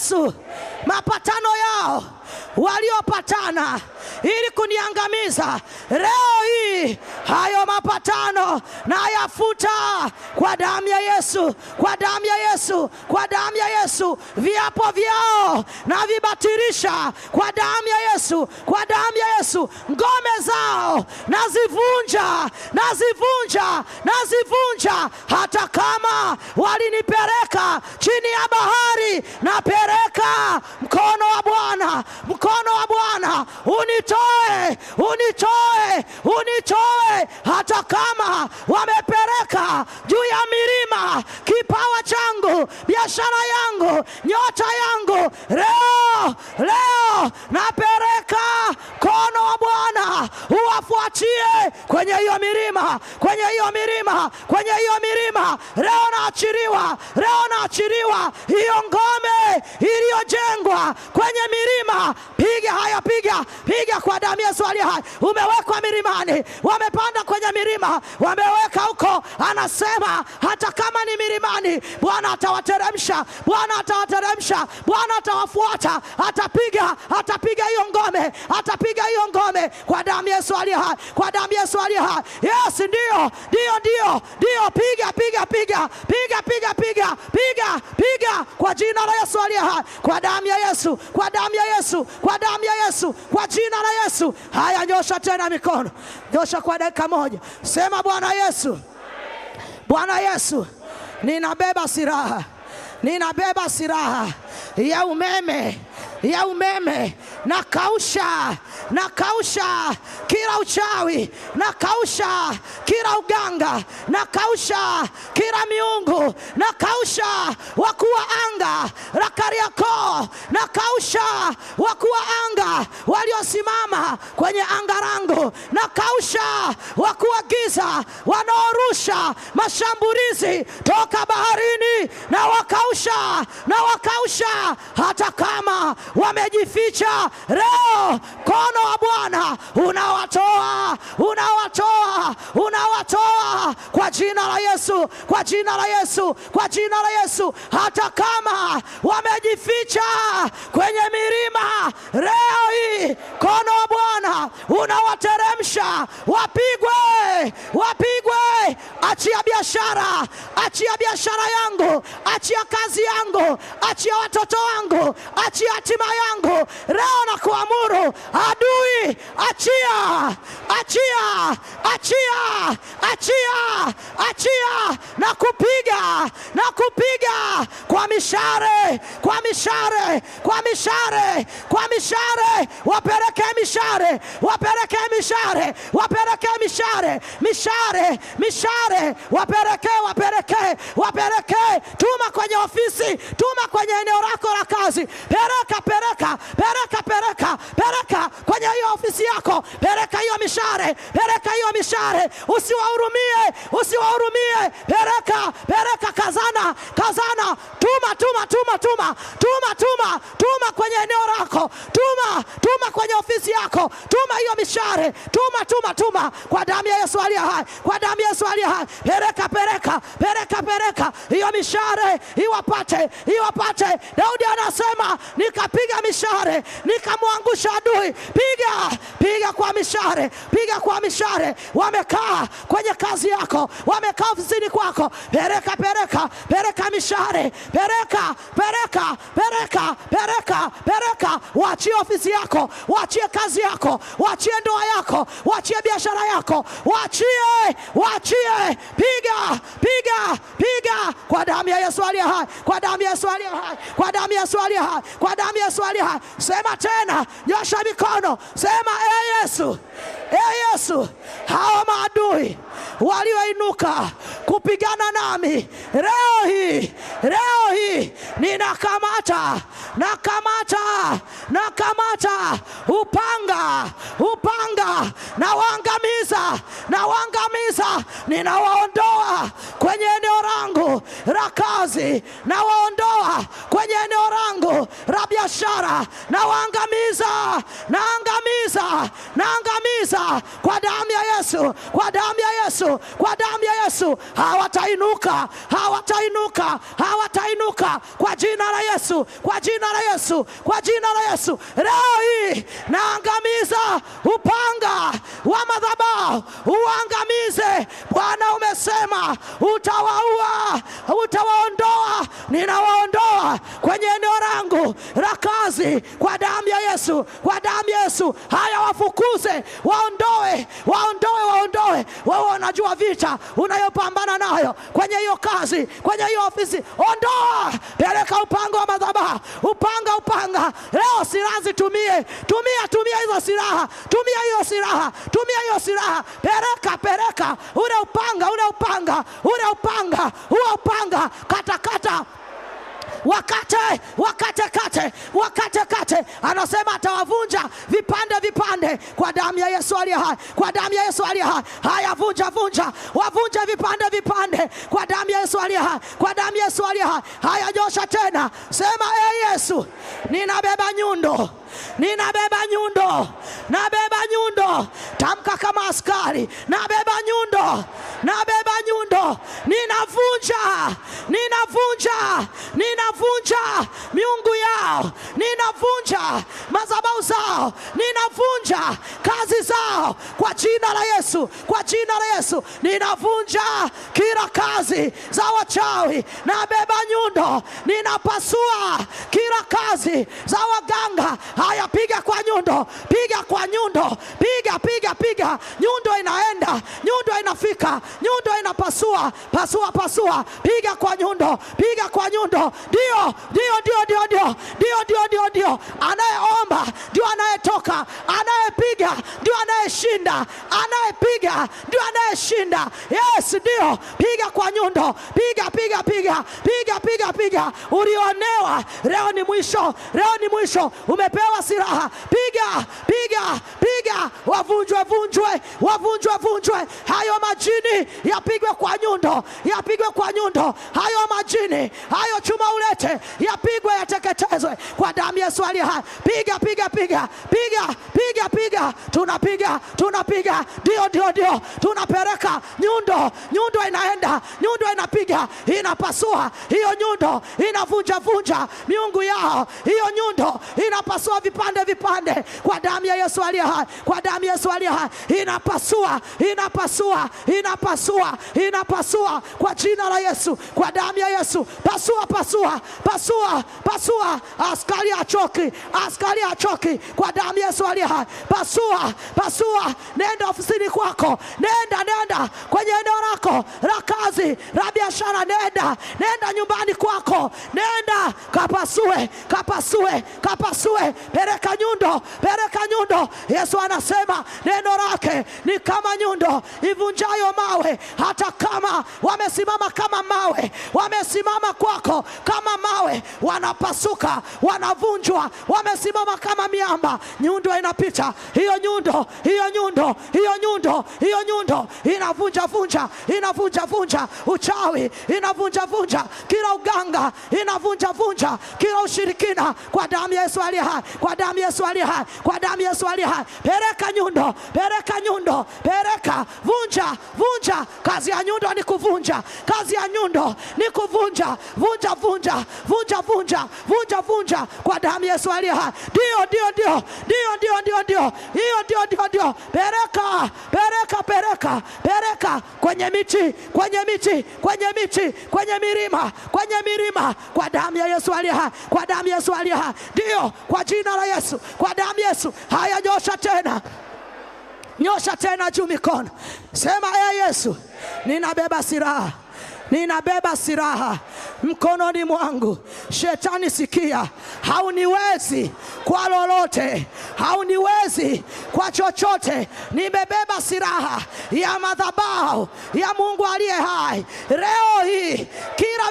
Yesu, mapatano yao waliopatana ili kuniangamiza. Leo hii hayo mapatano na yafuta kwa damu ya Yesu, kwa damu ya Yesu, kwa damu ya Yesu. Viapo vyao na vibatilisha kwa damu ya Yesu, kwa damu ya Yesu. Ngome zao nazivunja, nazivunja, nazivunja. Hata kama walinipeleka chini ya bahari, napeleka mkono wa Bwana, mkono wa Bwana uni unitoe, unitoe, unitoe, hata kama wamepeleka juu ya milima kipawa changu, biashara yangu, nyota yangu, leo leo napeleka achie kwenye hiyo milima, kwenye hiyo milima, kwenye hiyo milima. Leo naachiliwa, leo naachiliwa hiyo ngome iliyojengwa kwenye milima. Piga haya, piga, piga kwa damu Yesu aliye hai. Umewekwa milimani, wamepanda kwenye milima, wameweka huko. Anasema hata kama ni milimani, Bwana atawateremsha, Bwana atawateremsha, Bwana atawafuata, atapiga, atapiga hiyo ngome, atapiga hiyo ngome kwa damu Yesu aliye hai kwa damu Yesu aliye hai. Yes, ndio, ndio, ndio, ndio, piga, piga, piga, piga, piga, piga, piga, piga kwa jina la Yesu aliye hai, kwa damu ya Yesu, kwa damu ya Yesu, kwa damu ya Yesu, kwa jina la Yesu. Haya, nyosha tena mikono, nyosha kwa dakika moja, sema Bwana Yesu, Bwana Yesu, ninabeba silaha, ninabeba silaha ya umeme ya umeme, na kausha na kausha kila uchawi, na kausha kila uganga, na kausha kila miungu, na kausha wakuwa anga rakariakoo na kausha wakuu wa anga waliosimama kwenye anga langu, na kausha wakuu wa giza wanaorusha mashambulizi toka baharini, na wakausha na wakausha, hata kama wamejificha leo, mkono wa Bwana unawatoa unawatoa jina la Yesu, kwa jina la Yesu, kwa jina la Yesu. Hata kama wamejificha kwenye milima, leo hii mkono wa Bwana unawateremsha, wapigwe, wapigwe. Achia biashara, achia biashara yangu, achia kazi yangu, achia watoto wangu, achia hatima yangu. Leo na kuamuru adui, achia, achia, achia, achia achia na kupiga na kupiga kwa mishare kwa mishare kwa mishare kwa mishare, wapeleke mishare wapeleke mishare wapeleke mishare mishare mishare, wapeleke wapeleke wapeleke, tuma kwenye ofisi, tuma kwenye eneo lako la kazi, pereka pereka pereka pereka pereka kwenye hiyo ofisi yako, pereka hiyo mishare pereka hiyo mishare, usiwahurumie usi usiwahurumie. Pereka, pereka kazana, kazana, tuma, tuma, tuma, tuma, tuma, tuma, tuma kwenye eneo lako, tuma, tuma kwenye ofisi yako, tuma hiyo mishare, tuma, tuma, tuma kwa damu ya Yesu aliye hai, kwa damu ya Yesu aliye hai. Pereka, pereka, pereka, pereka, hiyo mishare iwapate, iwapate. Daudi anasema nikapiga mishare, nikamwangusha adui. Piga, piga kwa mishare, piga kwa mishare. Wamekaa kwenye kazi yako wamekaa ofisini kwako, pereka pereka pereka mishare pereka pereka pereka pereka pereka, wachie ofisi yako, wachie kazi yako, wachie ndoa yako, wachie biashara yako, wachie wachie, piga piga piga, kwa damu ya Yesu aliye hai, kwa damu ya Yesu aliye hai, kwa damu ya Yesu aliye hai, kwa damu ya Yesu aliye hai. Sema tena, nyosha mikono, sema e Yesu, e Yesu, hawa maadui walioinuka kupigana nami leo hii, leo hii ninakamata, nakamata, nakamata upanga, upanga nawangamiza, nawaangamiza ninawaondoa kwenye eneo langu la kazi, nawaondoa kwenye eneo langu la biashara, nawaangamiza, naangamiza, naangamiza kwa damu ya Yesu, kwa damu ya Yesu. Yesu, kwa damu ya Yesu hawatainuka, hawatainuka, hawatainuka kwa jina la Yesu, kwa jina la Yesu, kwa jina la Yesu. Leo hii naangamiza upanga wa madhabahu, uangamize. Bwana umesema utawaua, utawaondoa, ninawaondoa kwenye eneo langu la kazi kwa damu ya Yesu, kwa damu ya Yesu. Haya, wafukuze, waondoe, waondoe, waondoe. Wewe unajua vita unayopambana nayo kwenye hiyo kazi, kwenye hiyo ofisi, ondoa, peleka upanga wa madhabahu, upanga, upanga. Leo silaha zitumie, tumia, tumia hizo silaha, tumia hiyo silaha, tumia hiyo silaha, peleka, peleka ule upanga, ule upanga, ule upanga, huo upanga, katakata kata wakate, wakate kate, wakate kate. Anasema atawavunja vipande vipande kwa damu ya Yesu aliye hai, kwa damu ya Yesu aliye hai. Haya, vunja vunja, wavunje vipande vipande kwa damu ya Yesu aliye hai, kwa damu ya Yesu aliye hai. Haya, josha tena, sema e Yesu, ninabeba nyundo ninabeba nyundo, nabeba nyundo. Tamka kama askari, nabeba nyundo, nabeba nyundo, ninavunja, ninavunja, ninavunja ninavunja miungu yao, ninavunja madhabahu zao, ninavunja kazi zao kwa jina la Yesu, kwa jina la Yesu ninavunja kila kazi za wachawi na beba nyundo, ninapasua kila kazi za waganga. Haya, piga kwa nyundo, piga kwa nyundo, piga piga piga, nyundo inaenda, nyundo inafika, nyundo inapasua, pasua pasua, piga kwa nyundo, piga kwa nyundo ndio, ndio, ndio, ndio, ndio, ndio, ndio, ndio, ndio. Anayeomba ndio anayetoka, anayepiga ndio anayeshinda, anayepiga ndio anayeshinda. Yes, ndio. Piga kwa nyundo, piga, piga, piga, piga, piga, piga. Ulionewa leo ni mwisho, leo ni mwisho. Umepewa silaha, piga, piga, piga, wavunjwe, vunjwe, wavunjwe, vunjwe. Hayo majini yapigwe kwa nyundo, yapigwe kwa nyundo, hayo majini, hayo chuma ule yote yapigwe, yateketezwe kwa damu ya Yesu aliye hai. Piga, piga, piga, piga, piga, piga, tunapiga, tunapiga, ndio, ndio, ndio, tunapeleka nyundo. Nyundo inaenda, nyundo inapiga, inapasua hiyo nyundo, inavunjavunja miungu yao, hiyo nyundo inapasua vipande, vipande kwa damu ya Yesu aliye hai, kwa damu ya Yesu aliye hai, inapasua, inapasua, inapasua, inapasua kwa jina la Yesu, kwa damu ya Yesu, pasua, pasua pasua, pasua, askari achoki, askari achoki kwa damu Yesu aliye hai. Pasua, pasua, nenda ofisini kwako, nenda, nenda kwenye eneo lako la kazi la biashara, nenda, nenda nyumbani kwako, nenda kapasue, kapasue, kapasue, pereka nyundo, pereka nyundo. Yesu anasema neno lake ni kama nyundo ivunjayo mawe, hata kama wamesimama kama mawe, wamesimama kwako kama kama mawe, wanapasuka, wanavunjwa, wamesimama kama miamba. Nyundo inapita, hiyo nyundo, hiyo nyundo, hiyo nyundo, hiyo nyundo inavunja vunja, inavunja vunja uchawi, inavunja vunja kila uganga, inavunja vunja kila ushirikina, kwa damu ya Yesu aliye hai, kwa damu ya Yesu aliye hai, kwa damu ya Yesu aliye hai. Pereka nyundo, pereka nyundo, pereka, vunja, vunja. Kazi ya nyundo ni kuvunja, kazi ya nyundo ni kuvunja, vunja vunja vunja vunja vunja vunja kwa damu Yesu aliye hai. Ndio, ndio, ndio, ndio, ndio, ndio, ndio, hiyo ndio, ndio, ndio. Pereka, pereka, pereka, pereka kwenye miti, kwenye miti, kwenye miti, kwenye milima, kwenye milima, kwa damu ya Yesu aliye hai, kwa damu ya Yesu aliye hai. Ndio, kwa jina la Yesu, kwa damu ya Yesu. Haya, nyosha tena nyosha tena juu mikono, sema ee Yesu, ninabeba silaha ninabeba silaha mkononi mwangu. Shetani, sikia, hauniwezi kwa lolote, hauniwezi kwa chochote. Nimebeba silaha ya madhabahu ya Mungu aliye hai leo hii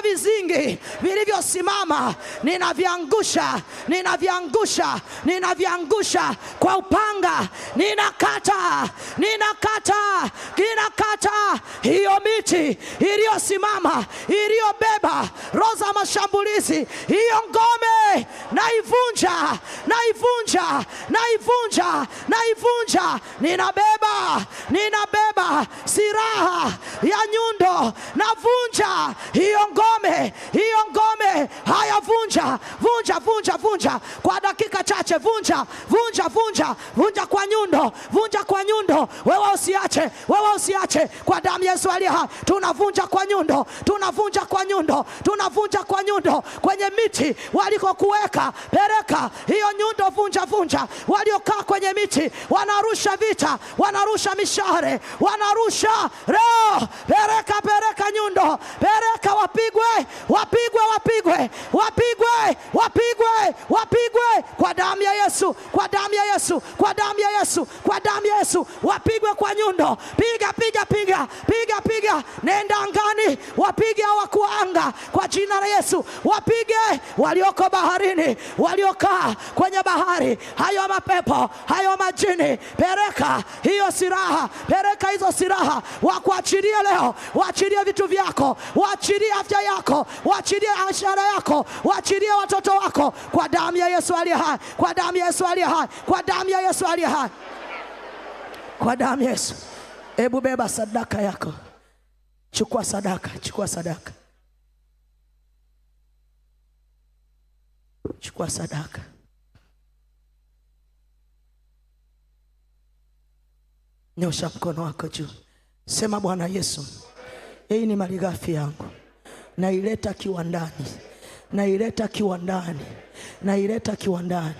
kila vizingi vilivyosimama ninaviangusha, ninaviangusha, ninaviangusha kwa upanga, ninakata, ninakata, ninakata hiyo miti iliyosimama, iliyobeba roho za mashambulizi, hiyo ngome naivunja, naivunja, naivunja, naivunja, ninabeba, ninabeba silaha ya nyundo, navunja hiyo ngome ngome, hiyo ngome. Haya, vunja vunja vunja vunja kwa dakika chache, vunja vunja vunja vunja kwa nyundo, vunja kwa nyundo, wewe usiache, wewe usiache, kwa damu Yesu aliye hai. Tunavunja kwa nyundo, tunavunja kwa nyundo, tunavunja kwa nyundo kwenye miti walikokuweka, pereka hiyo nyundo, vunja vunja. Waliokaa kwenye miti wanarusha vita, wanarusha mishare, wanarusha roho, pereka pereka nyundo, pereka wapigwa wapigwe, wapigwe, wapigwe, wapigwe, wapigwe, wapigwe kwa damu ya Yesu, kwa damu ya Yesu, kwa damu ya Yesu, kwa damu ya Yesu, wapigwe kwa nyundo. Piga, piga, piga, piga, piga, nenda angani, wapige hawa kuanga anga kwa jina la Yesu, wapige walioko baharini, waliokaa kwenye bahari, hayo mapepo, hayo majini, pereka hiyo silaha, pereka hizo silaha, wakuachilie leo, waachilie vitu vyako, waachilie afya yako, wachilie ashara yako, wachilie watoto wako kwa damu ya Yesu aliye hai, kwa damu ya Yesu aliye hai, kwa damu ya Yesu aliye hai, kwa damu ya Yesu. Hebu beba sadaka yako, chukua sadaka, chukua sadaka, chukua sadaka. Nyosha mkono wako juu, sema Bwana Yesu, hii ni malighafi yangu naileta kiwandani, naileta kiwandani, naileta kiwandani.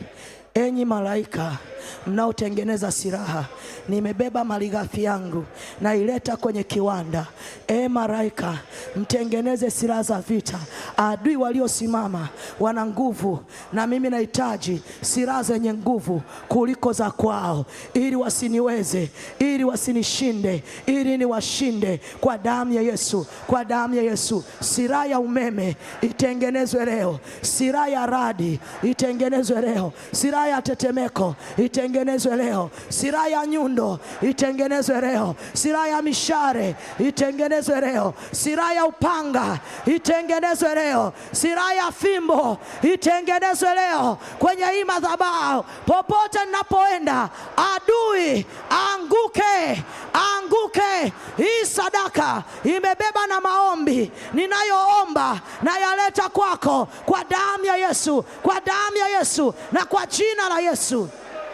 Enyi malaika mnaotengeneza silaha, nimebeba malighafi yangu naileta kwenye kiwanda. E maraika mtengeneze silaha za vita. Adui waliosimama wana nguvu, na mimi nahitaji silaha zenye nguvu kuliko za kwao, ili wasiniweze, ili wasinishinde, ili niwashinde kwa damu ya Yesu, kwa damu ya Yesu. Silaha ya umeme itengenezwe leo, silaha ya radi itengenezwe leo, silaha ya tetemeko itengenezwe itengenezwe leo, silaha ya nyundo itengenezwe leo, silaha ya mishare itengenezwe leo, silaha ya upanga itengenezwe leo, silaha ya fimbo itengenezwe leo kwenye hii madhabahu. Popote ninapoenda, adui anguke, anguke. Hii sadaka imebeba na maombi ninayoomba na yaleta kwako, kwa damu ya Yesu, kwa damu ya Yesu na kwa jina la Yesu.